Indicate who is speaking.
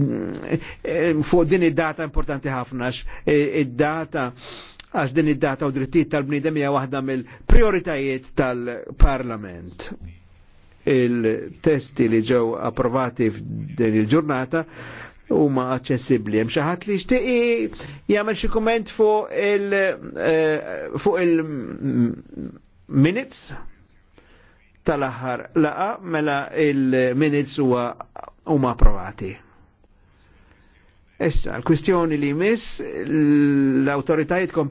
Speaker 1: Mm, eh, fuq din id-data importanti ħafna eh, id-data għax din id-data u drittijiet tal-bnidem hija waħda mill-prioritajiet tal-Parlament. Il-testi li ġew approvati f'din il-ġurnata huma aċċessibbli. Hemm xi ħadd li jixtieq jagħmel xi kumment fuq il eh, fuq il-minutes tal-aħħar laqa mela il-minutes huwa huma approvati.
Speaker 2: Issa, l-kwistjoni li
Speaker 1: jmiss l-autoritajiet